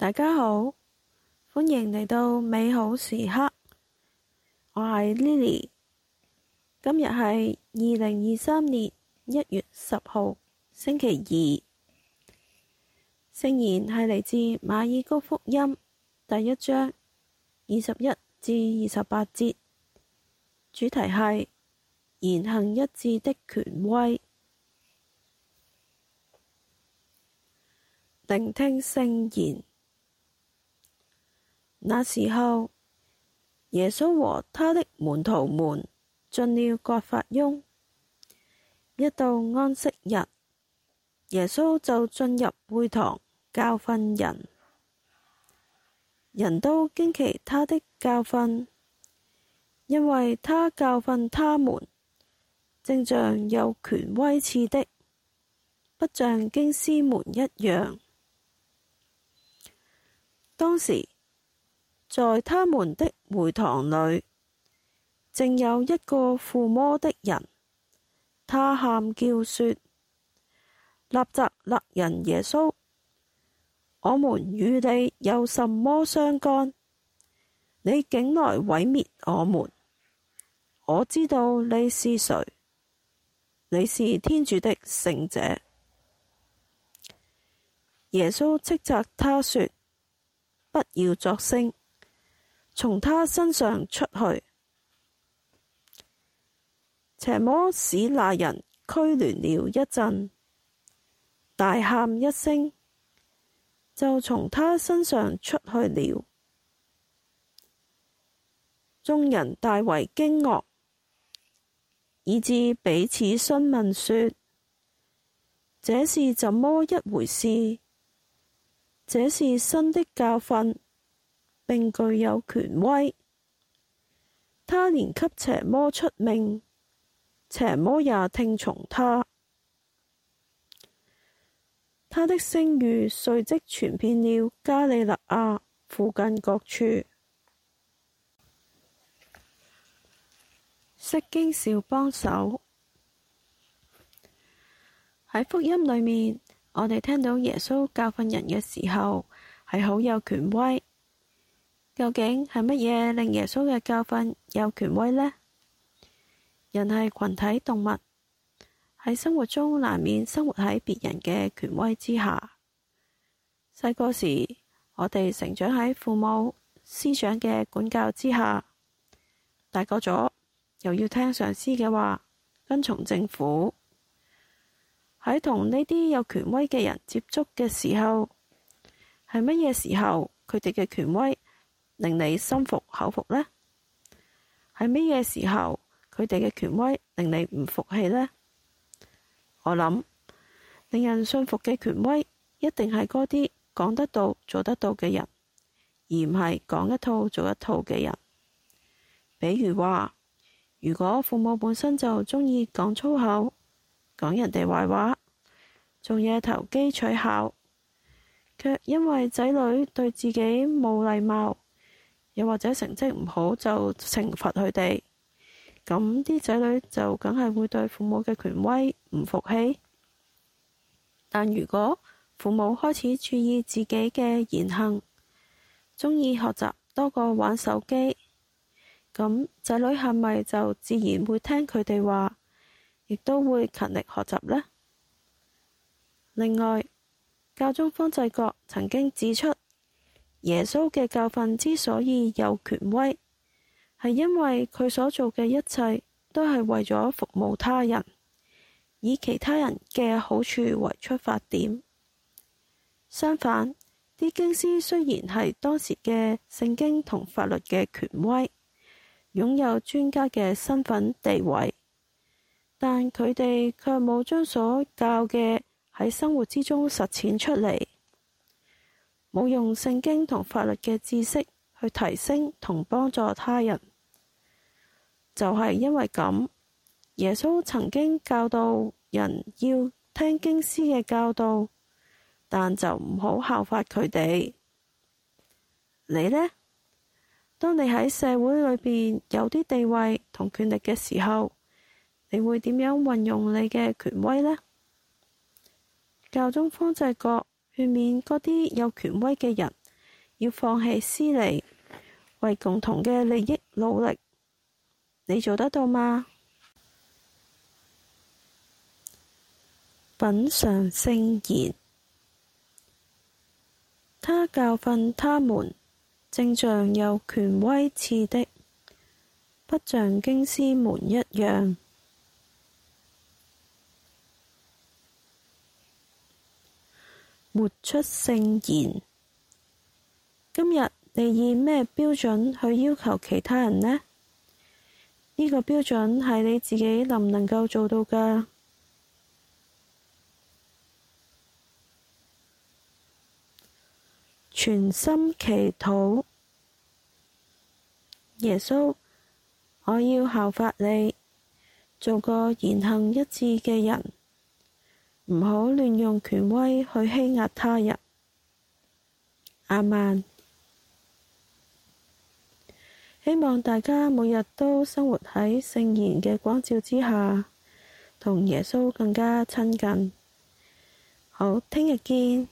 大家好，歡迎嚟到美好時刻。我係 Lily，今日係二零二三年一月十號星期二。聖言係嚟自馬爾谷福音第一章二十一至二十八節，主題係言行一致的權威。聆聽聖言。那時候，耶穌和他的門徒們進了葛法翁，一到安息日，耶穌就進入會堂教訓人，人都驚奇他的教訓，因為他教訓他們，正像有權威似的，不像經師們一樣。當時，在他們的會堂裏，正有一個附魔的人，他喊叫說：納匝肋人耶穌，我們與你有什麼相干？你竟來毀滅我們！我知道你是誰，你是天主的聖者。耶穌斥責他說：不要作聲。從他身上出去，邪魔使那人拘攣了一陣，大喊一聲，就從他身上出去了。眾人大為驚愕，以致彼此詢問說：這是怎麼一回事？這是新的教訓。並具有權威，他連給邪魔出命，邪魔也聽從他。他的聲譽隨即傳遍了加里肋亞附近各處。釋經小幫手喺福音裏面，我哋聽到耶穌教訓人嘅時候，係好有權威。究竟係乜嘢令耶穌嘅教訓有權威呢？人係群體動物，喺生活中難免生活喺別人嘅權威之下。細個時，我哋成長喺父母師長嘅管教之下；大個咗，又要聽上司嘅話，跟從政府。喺同呢啲有權威嘅人接觸嘅時候，係乜嘢時候，佢哋嘅權威？令你心服口服呢？喺咩嘢時候佢哋嘅權威令你唔服氣呢？我諗，令人信服嘅權威一定係嗰啲講得到、做得到嘅人，而唔係講一套做一套嘅人。比如話，如果父母本身就鍾意講粗口、講人哋壞話，做嘢投機取巧，卻因為仔女對自己冇禮貌。又或者成績唔好就懲罰佢哋，咁啲仔女就梗係會對父母嘅權威唔服氣。但如果父母開始注意自己嘅言行，中意學習多過玩手機，咁仔女係咪就自然會聽佢哋話，亦都會勤力學習呢？另外，教宗方濟各曾經指出。耶穌嘅教訓之所以有權威，係因為佢所做嘅一切都係為咗服務他人，以其他人嘅好處為出發點。相反，啲經師雖然係當時嘅聖經同法律嘅權威，擁有專家嘅身份地位，但佢哋卻冇將所教嘅喺生活之中實踐出嚟。冇用聖經同法律嘅知識去提升同幫助他人，就係、是、因為咁。耶穌曾經教導人要聽經師嘅教導，但就唔好效法佢哋。你呢？當你喺社會裏邊有啲地位同權力嘅時候，你會點樣運用你嘅權威呢？教宗方濟各。勸勉嗰啲有權威嘅人要放棄私利，為共同嘅利益努力，你做得到嗎？品嚐聖言，他教訓他們，正像有權威似的，不像經師們一樣。活出聖言。今日你以咩標準去要求其他人呢？呢、呢個標準係你自己能唔能夠做到嘅？全心祈禱，耶穌，我要效法你，做個言行一致嘅人。唔好亂用權威去欺壓他人。阿曼，希望大家每日都生活喺聖言嘅光照之下，同耶穌更加親近。好，聽日見。